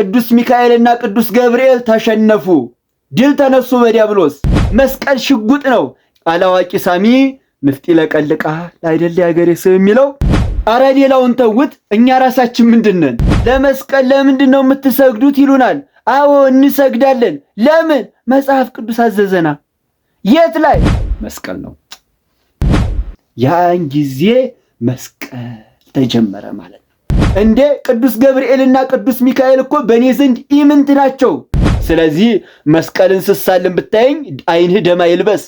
ቅዱስ ሚካኤልና ቅዱስ ገብርኤል ተሸነፉ። ድል ተነሱ በዲያብሎስ። መስቀል ሽጉጥ ነው። አላዋቂ ሳሚ ምፍጢ ለቀልቃ ላይደል ያገሬ ስም የሚለው አረ ሌላውን ተውት። እኛ ራሳችን ምንድን ነን? ለመስቀል ለምንድን ነው የምትሰግዱት ይሉናል። አዎ እንሰግዳለን። ለምን? መጽሐፍ ቅዱስ አዘዘና። የት ላይ? መስቀል ነው። ያን ጊዜ መስቀል ተጀመረ ማለት እንዴ ቅዱስ ገብርኤልና ቅዱስ ሚካኤል እኮ በእኔ ዘንድ ኢምንት ናቸው። ስለዚህ መስቀልን ስሳልን ብታየኝ አይንህ ደማ ይልበስ።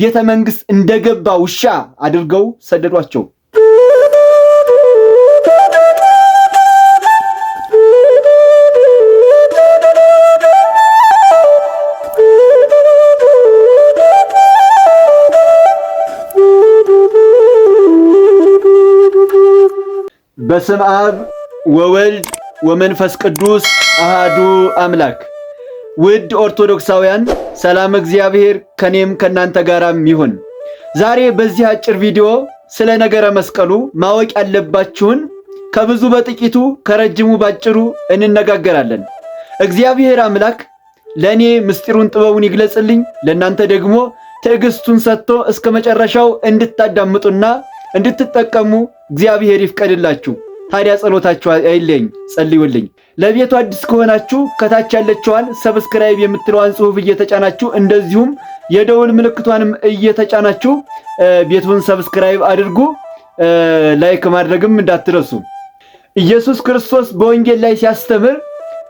ቤተ መንግስት እንደገባ ውሻ አድርገው ሰደዷቸው። በስም አብ ወወልድ ወመንፈስ ቅዱስ አሃዱ አምላክ። ውድ ኦርቶዶክሳውያን ሰላም እግዚአብሔር ከኔም ከእናንተ ጋራም ይሁን። ዛሬ በዚህ አጭር ቪዲዮ ስለ ነገረ መስቀሉ ማወቅ ያለባችሁን ከብዙ በጥቂቱ ከረጅሙ ባጭሩ እንነጋገራለን። እግዚአብሔር አምላክ ለእኔ ምስጢሩን ጥበቡን ይግለጽልኝ፣ ለእናንተ ደግሞ ትዕግስቱን ሰጥቶ እስከ መጨረሻው እንድታዳምጡና እንድትጠቀሙ እግዚአብሔር ይፍቀድላችሁ። ታዲያ ጸሎታችሁ አይለኝ፣ ጸልዩልኝ። ለቤቱ አዲስ ከሆናችሁ ከታች ያለችዋን ሰብስክራይብ የምትለዋን ጽሑፍ እየተጫናችሁ እንደዚሁም የደውል ምልክቷንም እየተጫናችሁ ቤቱን ሰብስክራይብ አድርጉ። ላይክ ማድረግም እንዳትረሱ። ኢየሱስ ክርስቶስ በወንጌል ላይ ሲያስተምር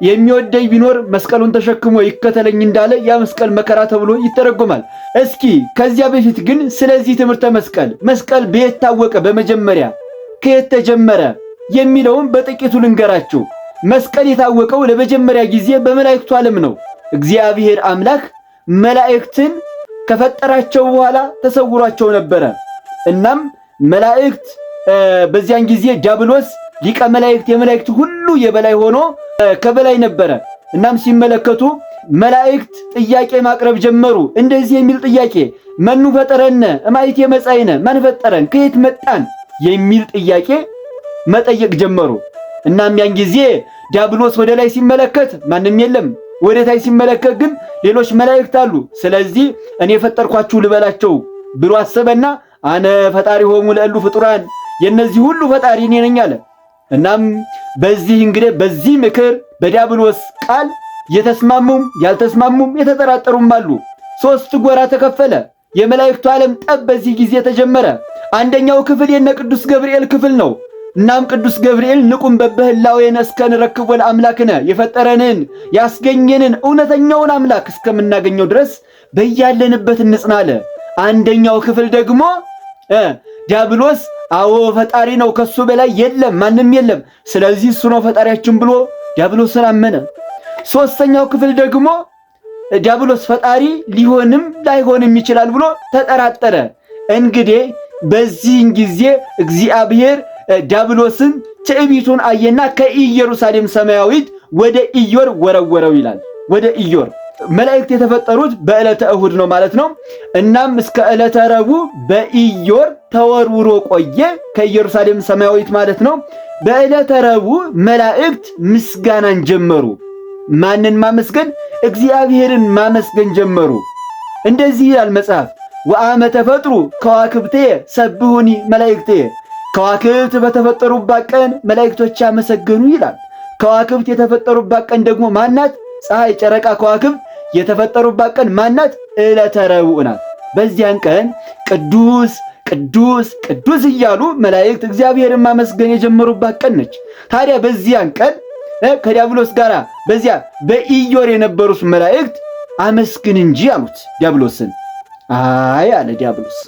የሚወደኝ ቢኖር መስቀሉን ተሸክሞ ይከተለኝ እንዳለ ያ መስቀል መከራ ተብሎ ይተረጎማል። እስኪ ከዚያ በፊት ግን ስለዚህ ትምህርተ መስቀል መስቀል በየት ታወቀ? በመጀመሪያ ከየት ተጀመረ የሚለውን በጥቂቱ ልንገራችሁ። መስቀል የታወቀው ለመጀመሪያ ጊዜ በመላእክቱ ዓለም ነው። እግዚአብሔር አምላክ መላእክትን ከፈጠራቸው በኋላ ተሰውሯቸው ነበረ። እናም መላእክት በዚያን ጊዜ ዲያብሎስ ሊቀ መላእክት የመላእክት ሁሉ የበላይ ሆኖ ከበላይ ነበረ። እናም ሲመለከቱ መላእክት ጥያቄ ማቅረብ ጀመሩ። እንደዚህ የሚል ጥያቄ መኑ ፈጠረነ እማይት የመጻይነ ማን ፈጠረን? ከየት መጣን? የሚል ጥያቄ መጠየቅ ጀመሩ። እናም ያን ጊዜ ዲያብሎስ ወደ ላይ ሲመለከት ማንም የለም፣ ወደ ታች ሲመለከት ግን ሌሎች መላእክት አሉ። ስለዚህ እኔ የፈጠርኳችሁ ልበላቸው ብሎ አሰበና አነ ፈጣሪ ሆሙ ለእሉ ፍጡራን የእነዚህ ሁሉ ፈጣሪ እኔ ነኝ አለ። እናም በዚህ እንግዲህ በዚህ ምክር በዲያብሎስ ቃል የተስማሙም ያልተስማሙም የተጠራጠሩም አሉ። ሶስት ጎራ ተከፈለ። የመላእክቱ ዓለም ጠብ በዚህ ጊዜ ተጀመረ። አንደኛው ክፍል የነ ቅዱስ ገብርኤል ክፍል ነው። እናም ቅዱስ ገብርኤል ንቁም በበህላዌነ እስከ ንረክቦ ለአምላክነ የፈጠረንን ያስገኘንን እውነተኛውን አምላክ እስከምናገኘው ድረስ በያለንበት እንጽና አለ። አንደኛው ክፍል ደግሞ ዲያብሎስ አዎ ፈጣሪ ነው፣ ከሱ በላይ የለም፣ ማንም የለም፣ ስለዚህ እሱ ነው ፈጣሪያችን ብሎ ዲያብሎስን አመነ። ሦስተኛው ክፍል ደግሞ ዲያብሎስ ፈጣሪ ሊሆንም ላይሆንም ይችላል ብሎ ተጠራጠረ። እንግዲህ በዚህን ጊዜ እግዚአብሔር ዲያብሎስን ትዕቢቱን አየና ከኢየሩሳሌም ሰማያዊት ወደ ኢዮር ወረወረው ይላል። ወደ ኢዮር መላእክት የተፈጠሩት በዕለተ እሁድ ነው ማለት ነው። እናም እስከ ዕለተ ረቡዕ በኢዮር ተወርውሮ ቆየ፣ ከኢየሩሳሌም ሰማያዊት ማለት ነው። በዕለተ ረቡዕ መላእክት ምስጋናን ጀመሩ። ማንን ማመስገን? እግዚአብሔርን ማመስገን ጀመሩ። እንደዚህ ይላል መጽሐፍ ወአመ ተፈጥሩ ከዋክብቴ ሰብሁኒ መላእክቴ። ከዋክብት በተፈጠሩባት ቀን መላእክቶች አመሰገኑ ይላል። ከዋክብት የተፈጠሩባት ቀን ደግሞ ማናት? ፀሐይ፣ ጨረቃ፣ ከዋክብት የተፈጠሩባት ቀን ማናት? ዕለተ ረቡዕ ናት። በዚያን ቀን ቅዱስ ቅዱስ ቅዱስ እያሉ መላእክት እግዚአብሔርን ማመስገን የጀመሩባት ቀን ነች። ታዲያ በዚያን ቀን ከዲያብሎስ ጋር በዚያ በኢዮር የነበሩት መላእክት አመስግን እንጂ አሉት ዲያብሎስን። አይ አለ ዲያብሎስ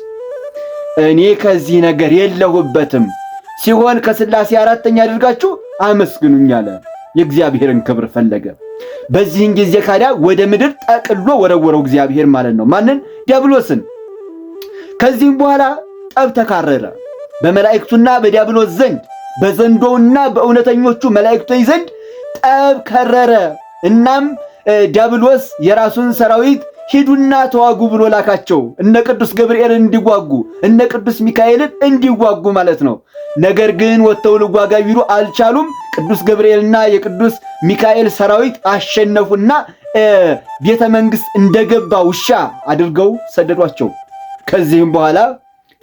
እኔ ከዚህ ነገር የለሁበትም ሲሆን ከሥላሴ አራተኛ አድርጋችሁ አመስግኑኝ አለ። የእግዚአብሔርን ክብር ፈለገ። በዚህን ጊዜ ካዲያ ወደ ምድር ጠቅሎ ወረወረው እግዚአብሔር ማለት ነው። ማንን? ዲያብሎስን። ከዚህም በኋላ ጠብ ተካረረ በመላእክቱና በዲያብሎስ ዘንድ በዘንዶውና በእውነተኞቹ መላእክቶች ዘንድ ጠብ ከረረ። እናም ዲያብሎስ የራሱን ሰራዊት ሂዱና ተዋጉ ብሎ ላካቸው። እነ ቅዱስ ገብርኤል እንዲዋጉ፣ እነ ቅዱስ ሚካኤልን እንዲዋጉ ማለት ነው። ነገር ግን ወጥተው ልጓጋ ቢሉ አልቻሉም። ቅዱስ ገብርኤልና የቅዱስ ሚካኤል ሰራዊት አሸነፉና ቤተ መንግስት እንደገባ ውሻ አድርገው ሰደዷቸው። ከዚህም በኋላ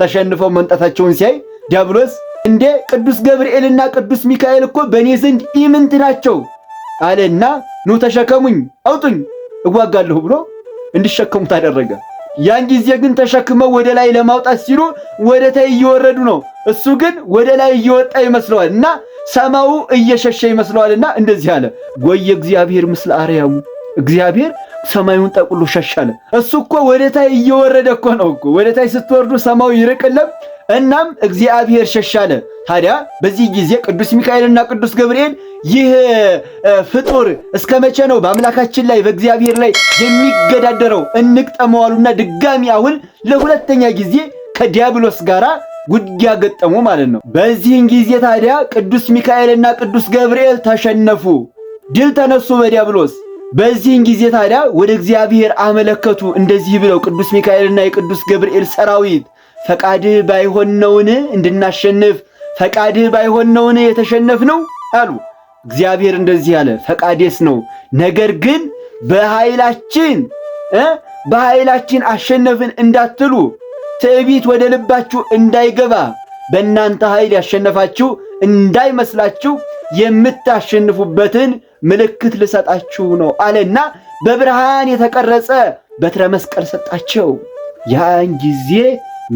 ተሸንፈው መምጣታቸውን ሲያይ ዲያብሎስ እንዴ ቅዱስ ገብርኤልና ቅዱስ ሚካኤል እኮ በእኔ ዘንድ ኢምንት ናቸው አለና ኑ ተሸከሙኝ፣ አውጡኝ፣ እዋጋለሁ ብሎ እንዲሸከሙት አደረገ። ያን ጊዜ ግን ተሸክመው ወደ ላይ ለማውጣት ሲሉ ወደ ታይ እየወረዱ ነው። እሱ ግን ወደ ላይ እየወጣ ይመስለዋል እና ሰማዩ እየሸሸ ይመስለዋልና እንደዚህ አለ፣ ጎየ እግዚአብሔር ምስለ አርያሙ እግዚአብሔር ሰማዩን ጠቅሎ ሸሻለ። እሱ እኮ ወደ ታይ እየወረደ እኮ ነው እኮ ወደ ታይ ስትወርዱ ሰማው ይርቅለም እናም እግዚአብሔር ሸሽ ታዲያ በዚህ ጊዜ ቅዱስ ሚካኤልና ቅዱስ ገብርኤል ይህ ፍጡር እስከ መቼ ነው በአምላካችን ላይ በእግዚአብሔር ላይ የሚገዳደረው? እንቅጠመው አሉና ድጋሚ አሁን ለሁለተኛ ጊዜ ከዲያብሎስ ጋራ ውጊያ ገጠሙ ማለት ነው። በዚህን ጊዜ ታዲያ ቅዱስ ሚካኤልና ቅዱስ ገብርኤል ተሸነፉ፣ ድል ተነሱ በዲያብሎስ። በዚህን ጊዜ ታዲያ ወደ እግዚአብሔር አመለከቱ እንደዚህ ብለው ቅዱስ ሚካኤልና የቅዱስ ገብርኤል ሰራዊት ፈቃድህ ባይሆን ነውን እንድናሸንፍ ፈቃድህ ባይሆን ነውን ነው አሉ። እግዚአብሔር እንደዚህ አለ፣ ፈቃዴስ ነው፣ ነገር ግን በኃይላችን በኃይላችን አሸነፍን እንዳትሉ ትዕቢት ወደ ልባችሁ እንዳይገባ በእናንተ ኃይል ያሸነፋችሁ እንዳይመስላችሁ የምታሸንፉበትን ምልክት ልሰጣችሁ ነው አለና በብርሃን የተቀረጸ በትረ መስቀል ሰጣቸው። ያን ጊዜ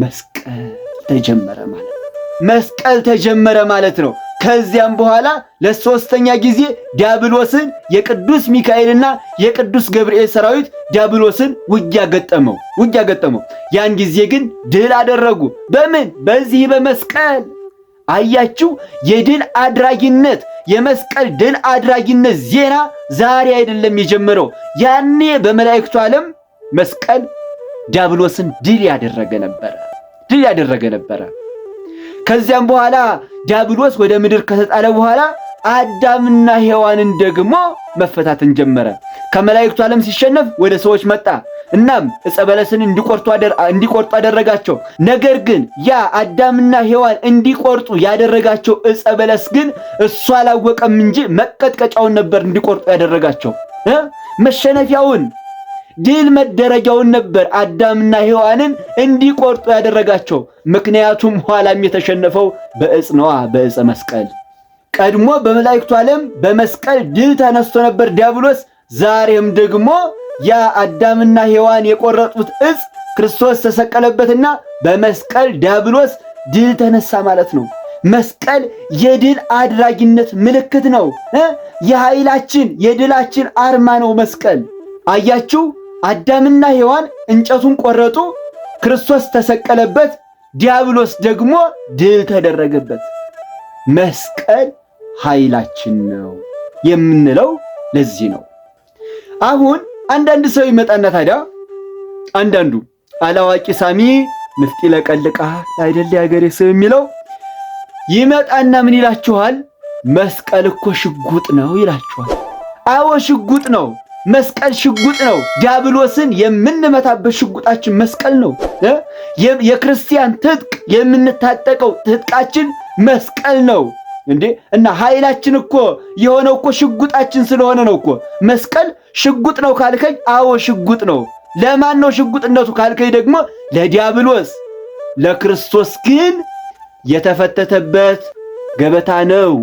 መስቀል ተጀመረ ማለት ነው። መስቀል ተጀመረ ማለት ነው። ከዚያም በኋላ ለሶስተኛ ጊዜ ዲያብሎስን የቅዱስ ሚካኤልና የቅዱስ ገብርኤል ሰራዊት ዲያብሎስን ውጊያ ገጠመው ውጊያ ገጠመው። ያን ጊዜ ግን ድል አደረጉ። በምን? በዚህ በመስቀል። አያችሁ፣ የድል አድራጊነት የመስቀል ድል አድራጊነት ዜና ዛሬ አይደለም የጀመረው። ያኔ በመላእክቱ ዓለም መስቀል ዲያብሎስን ድል ያደረገ ነበረ ድል ያደረገ ነበረ። ከዚያም በኋላ ዲያብሎስ ወደ ምድር ከተጣለ በኋላ አዳምና ሔዋንን ደግሞ መፈታትን ጀመረ። ከመላእክቱ ዓለም ሲሸነፍ ወደ ሰዎች መጣ። እናም ዕፀ በለስን እንዲቆርጡ አደረጋቸው። ነገር ግን ያ አዳምና ሔዋን እንዲቆርጡ ያደረጋቸው ዕፀ በለስ ግን እሱ አላወቀም እንጂ መቀጥቀጫውን ነበር እንዲቆርጡ ያደረጋቸው መሸነፊያውን ድል መደረጊያውን ነበር አዳምና ሔዋንን እንዲቆርጡ ያደረጋቸው። ምክንያቱም ኋላም የተሸነፈው በእጽነዋ ነዋ፣ መስቀል። ቀድሞ በመላእክቱ ዓለም በመስቀል ድል ተነስቶ ነበር ዲያብሎስ። ዛሬም ደግሞ ያ አዳምና ሔዋን የቆረጡት እጽ ክርስቶስ ተሰቀለበትና በመስቀል ዲያብሎስ ድል ተነሳ ማለት ነው። መስቀል የድል አድራጊነት ምልክት ነው። የኃይላችን የድላችን አርማ ነው መስቀል። አያችሁ። አዳምና ሔዋን እንጨቱን ቆረጡ፣ ክርስቶስ ተሰቀለበት፣ ዲያብሎስ ደግሞ ድል ተደረገበት። መስቀል ኃይላችን ነው የምንለው ለዚህ ነው። አሁን አንዳንድ ሰው ይመጣና ታዲያ አንዳንዱ አላዋቂ ሳሚ ምፍጢ ለቀልቃ አይደል ያገሬ ሰው የሚለው ይመጣና ምን ይላችኋል? መስቀል እኮ ሽጉጥ ነው ይላችኋል። አዎ ሽጉጥ ነው። መስቀል ሽጉጥ ነው። ዲያብሎስን የምንመታበት ሽጉጣችን መስቀል ነው። የክርስቲያን ትጥቅ የምንታጠቀው ትጥቃችን መስቀል ነው እንዴ! እና ኃይላችን እኮ የሆነው እኮ ሽጉጣችን ስለሆነ ነው እኮ። መስቀል ሽጉጥ ነው ካልከኝ፣ አዎ ሽጉጥ ነው። ለማን ነው ሽጉጥነቱ ካልከኝ ደግሞ ለዲያብሎስ። ለክርስቶስ ግን የተፈተተበት ገበታ ነው።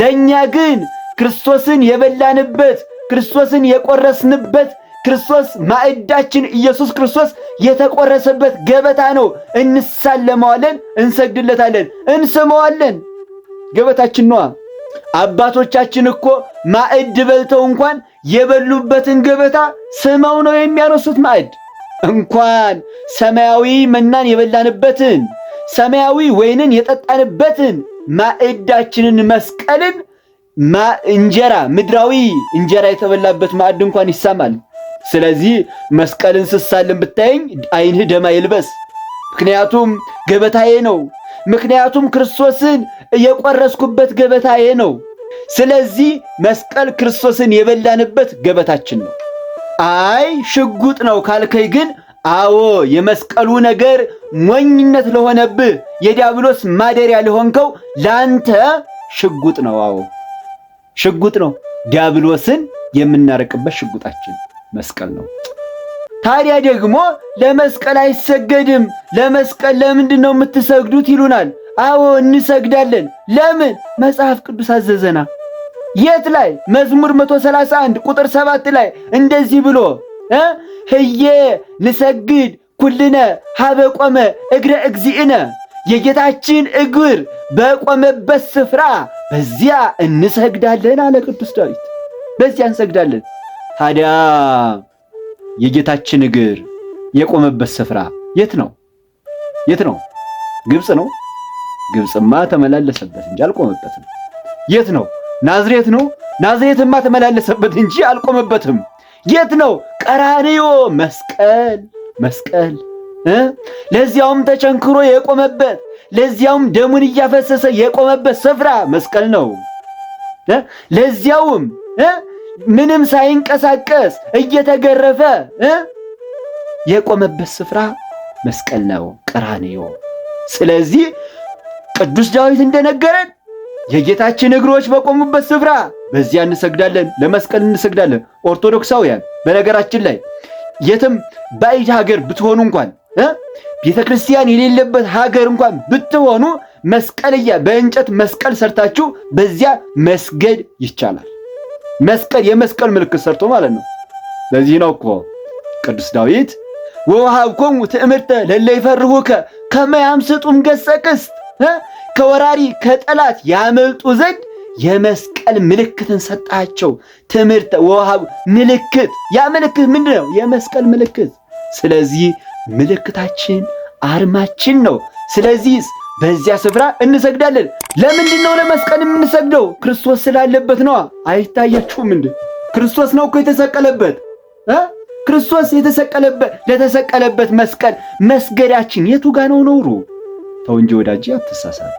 ለእኛ ግን ክርስቶስን የበላንበት ክርስቶስን የቆረስንበት ክርስቶስ ማዕዳችን ኢየሱስ ክርስቶስ የተቆረሰበት ገበታ ነው። እንሳለመዋለን፣ እንሰግድለታለን፣ እንስመዋለን። ገበታችን ነዋ። አባቶቻችን እኮ ማዕድ በልተው እንኳን የበሉበትን ገበታ ስመው ነው የሚያነሱት። ማዕድ እንኳን ሰማያዊ መናን የበላንበትን ሰማያዊ ወይንን የጠጣንበትን ማዕዳችንን መስቀልን ማ እንጀራ ምድራዊ እንጀራ የተበላበት ማዕድ እንኳን ይሳማል። ስለዚህ መስቀልን ስሳልን ብታየኝ ዓይንህ ደማ ይልበስ። ምክንያቱም ገበታዬ ነው። ምክንያቱም ክርስቶስን እየቆረስኩበት ገበታዬ ነው። ስለዚህ መስቀል ክርስቶስን የበላንበት ገበታችን ነው። አይ ሽጉጥ ነው ካልከኝ ግን አዎ የመስቀሉ ነገር ሞኝነት ለሆነብህ የዲያብሎስ ማደሪያ ለሆንከው ላንተ ሽጉጥ ነው። አዎ ሽጉጥ ነው። ዲያብሎስን የምናረቅበት ሽጉጣችን መስቀል ነው። ታዲያ ደግሞ ለመስቀል አይሰገድም፣ ለመስቀል ለምንድን ነው የምትሰግዱት ይሉናል። አዎ እንሰግዳለን። ለምን? መጽሐፍ ቅዱስ አዘዘና። የት ላይ? መዝሙር 131 ቁጥር 7 ላይ እንደዚህ ብሎ ህዬ ንሰግድ ኩልነ ሀበ ቆመ እግረ እግዚእነ የጌታችን እግር በቆመበት ስፍራ በዚያ እንሰግዳለን አለ ቅዱስ ዳዊት። በዚያ እንሰግዳለን። ታዲያ የጌታችን እግር የቆመበት ስፍራ የት ነው? የት ነው? ግብፅ ነው። ግብፅማ ተመላለሰበት እንጂ አልቆመበትም። የት ነው? ናዝሬት ነው። ናዝሬትማ ተመላለሰበት እንጂ አልቆመበትም። የት ነው? ቀራንዮ መስቀል መስቀል ለዚያውም ተቸንክሮ የቆመበት ለዚያውም ደሙን እያፈሰሰ የቆመበት ስፍራ መስቀል ነው። ለዚያውም ምንም ሳይንቀሳቀስ እየተገረፈ የቆመበት ስፍራ መስቀል ነው፣ ቀራንዮ። ስለዚህ ቅዱስ ዳዊት እንደነገረን የጌታችን እግሮች በቆሙበት ስፍራ በዚያ እንሰግዳለን፣ ለመስቀል እንሰግዳለን። ኦርቶዶክሳውያን በነገራችን ላይ የትም ባዕድ ሀገር ብትሆኑ እንኳን ቤተ ክርስቲያን የሌለበት ሀገር እንኳን ብትሆኑ መስቀልያ በእንጨት መስቀል ሰርታችሁ በዚያ መስገድ ይቻላል። መስቀል የመስቀል ምልክት ሰርቶ ማለት ነው። ለዚህ ነው እኮ ቅዱስ ዳዊት ወውሃብኮሙ ትዕምርተ ለለይፈርሁከ ከመ ያምስጡም ገጸ ቅስት ከወራሪ ከጠላት ያመልጡ ዘንድ የመስቀል ምልክትን ሰጣቸው። ትምህርተ ወውሃብ ምልክት ያ ምልክት ምንድን ነው? የመስቀል ምልክት ስለዚህ ምልክታችን፣ አርማችን ነው። ስለዚህ በዚያ ስፍራ እንሰግዳለን። ለምንድን ነው ለመስቀል የምንሰግደው? ክርስቶስ ስላለበት ነዋ። አይታያችሁም እንዴ? ክርስቶስ ነው እኮ የተሰቀለበት ክርስቶስ የተሰቀለበት ለተሰቀለበት መስቀል መስገዳችን የቱ ጋ ነው ነውሩ? ተው እንጂ ወዳጄ አትሳሳት።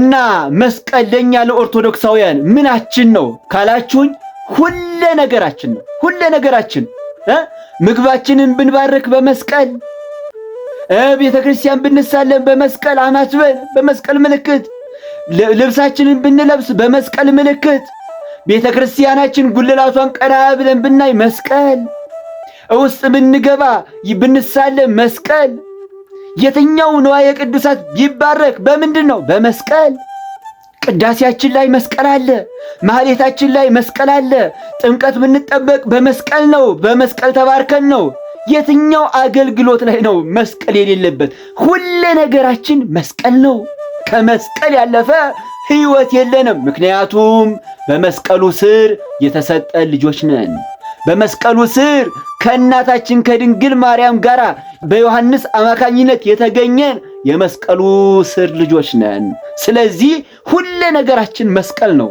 እና መስቀል ለእኛ ለኦርቶዶክሳውያን ምናችን ነው ካላችሁኝ ሁለ ነገራችን ነው። ሁለ ነገራችን ምግባችንን ብንባርክ በመስቀል ቤተ ክርስቲያን ብንሳለም በመስቀል አማትበን በመስቀል ምልክት ልብሳችንን ብንለብስ በመስቀል ምልክት ቤተ ክርስቲያናችን ጉልላቷን ቀና ብለን ብናይ መስቀል ውስጥ ብንገባ ብንሳለም መስቀል የትኛው ንዋየ ቅዱሳት ቢባረክ በምንድን ነው? በመስቀል ቅዳሴያችን ላይ መስቀል አለ። ማህሌታችን ላይ መስቀል አለ። ጥምቀት ብንጠበቅ በመስቀል ነው። በመስቀል ተባርከን ነው። የትኛው አገልግሎት ላይ ነው መስቀል የሌለበት? ሁለ ነገራችን መስቀል ነው። ከመስቀል ያለፈ ሕይወት የለንም። ምክንያቱም በመስቀሉ ስር የተሰጠ ልጆች ነን። በመስቀሉ ስር ከእናታችን ከድንግል ማርያም ጋር በዮሐንስ አማካኝነት የተገኘን የመስቀሉ ስር ልጆች ነን። ስለዚህ ሁለ ነገራችን መስቀል ነው።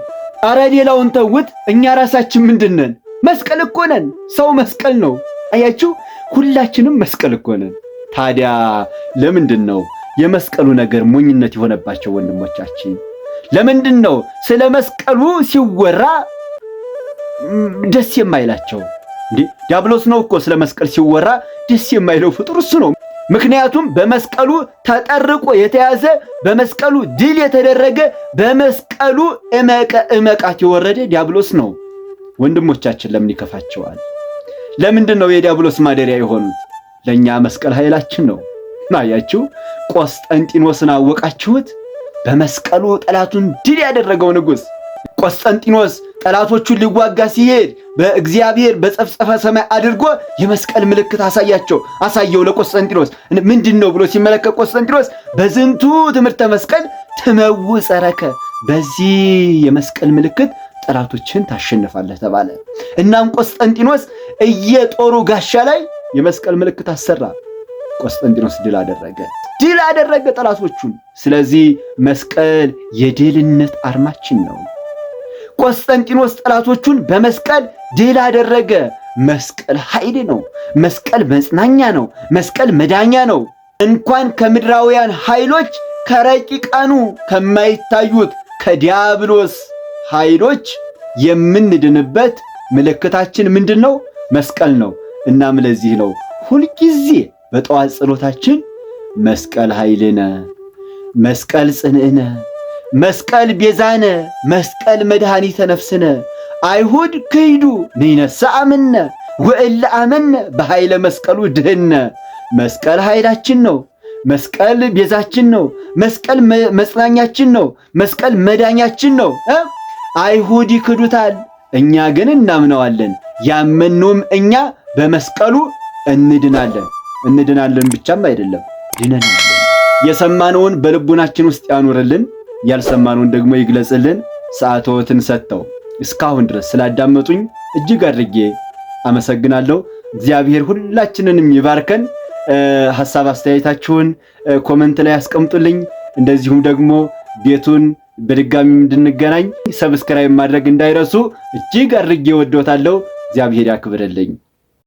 አረ ሌላውን ተውት፣ እኛ ራሳችን ምንድን ነን? መስቀል እኮ ነን። ሰው መስቀል ነው። አያችሁ? ሁላችንም መስቀል እኮ ነን። ታዲያ ለምንድን ነው የመስቀሉ ነገር ሞኝነት የሆነባቸው ወንድሞቻችን? ለምንድን ነው ስለ መስቀሉ ሲወራ ደስ የማይላቸው? እንዲህ ዲያብሎስ ነው እኮ ስለ መስቀል ሲወራ ደስ የማይለው ፍጡር እሱ ነው። ምክንያቱም በመስቀሉ ተጠርቆ የተያዘ በመስቀሉ ድል የተደረገ በመስቀሉ እመቃት የወረደ ዲያብሎስ ነው። ወንድሞቻችን ለምን ይከፋቸዋል? ለምንድን ነው የዲያብሎስ ማደሪያ የሆኑት? ለእኛ መስቀል ኃይላችን ነው። ናያችሁ፣ ቆስጠንጢኖስን አወቃችሁት? በመስቀሉ ጠላቱን ድል ያደረገው ንጉሥ ቆስጠንጢኖስ ጠላቶቹን ሊዋጋ ሲሄድ በእግዚአብሔር በጸፍጸፈ ሰማይ አድርጎ የመስቀል ምልክት አሳያቸው አሳየው ለቆስጠንጢኖስ ምንድን ነው ብሎ ሲመለከት ቆስጠንጢኖስ በዝንቱ ትምህርተ መስቀል ትመውፀ ረከ በዚህ የመስቀል ምልክት ጠላቶችን ታሸንፋለህ ተባለ። እናም ቆስጠንጢኖስ እየጦሩ ጋሻ ላይ የመስቀል ምልክት አሰራ። ቆስጠንጢኖስ ድል አደረገ፣ ድል አደረገ ጠላቶቹን። ስለዚህ መስቀል የድልነት አርማችን ነው። ቆስጠንጢኖስ ጠላቶቹን በመስቀል ድል አደረገ። መስቀል ኃይል ነው። መስቀል መጽናኛ ነው። መስቀል መዳኛ ነው። እንኳን ከምድራውያን ኃይሎች ከረቂቃኑ ከማይታዩት ከዲያብሎስ ኃይሎች የምንድንበት ምልክታችን ምንድን ነው? መስቀል ነው። እናም ለዚህ ነው ሁልጊዜ በጠዋት ጸሎታችን መስቀል ኃይልነ፣ መስቀል ጽንዕነ፣ መስቀል ቤዛነ፣ መስቀል መድኃኒተ ነፍስነ አይሁድ ክይዱ ንይነስእ አምነ ወእለ አመነ በኃይለ መስቀሉ ድህነ። መስቀል ኃይላችን ነው። መስቀል ቤዛችን ነው። መስቀል መጽናኛችን ነው። መስቀል መዳኛችን ነው። አይሁድ ይክዱታል፣ እኛ ግን እናምነዋለን። ያመንነውም እኛ በመስቀሉ እንድናለን። እንድናለን ብቻም አይደለም ድነናለን። የሰማነውን በልቡናችን ውስጥ ያኑርልን፣ ያልሰማነውን ደግሞ ይግለጽልን። ሰዓትዎትን ሰጥተው እስካሁን ድረስ ስላዳመጡኝ እጅግ አድርጌ አመሰግናለሁ። እግዚአብሔር ሁላችንንም ይባርከን። ሀሳብ አስተያየታችሁን ኮመንት ላይ ያስቀምጡልኝ እንደዚሁም ደግሞ ቤቱን በድጋሚ እንድንገናኝ ሰብስክራይብ ማድረግ እንዳይረሱ። እጅግ አድርጌ ወዶታለሁ። እግዚአብሔር ያክብርልኝ።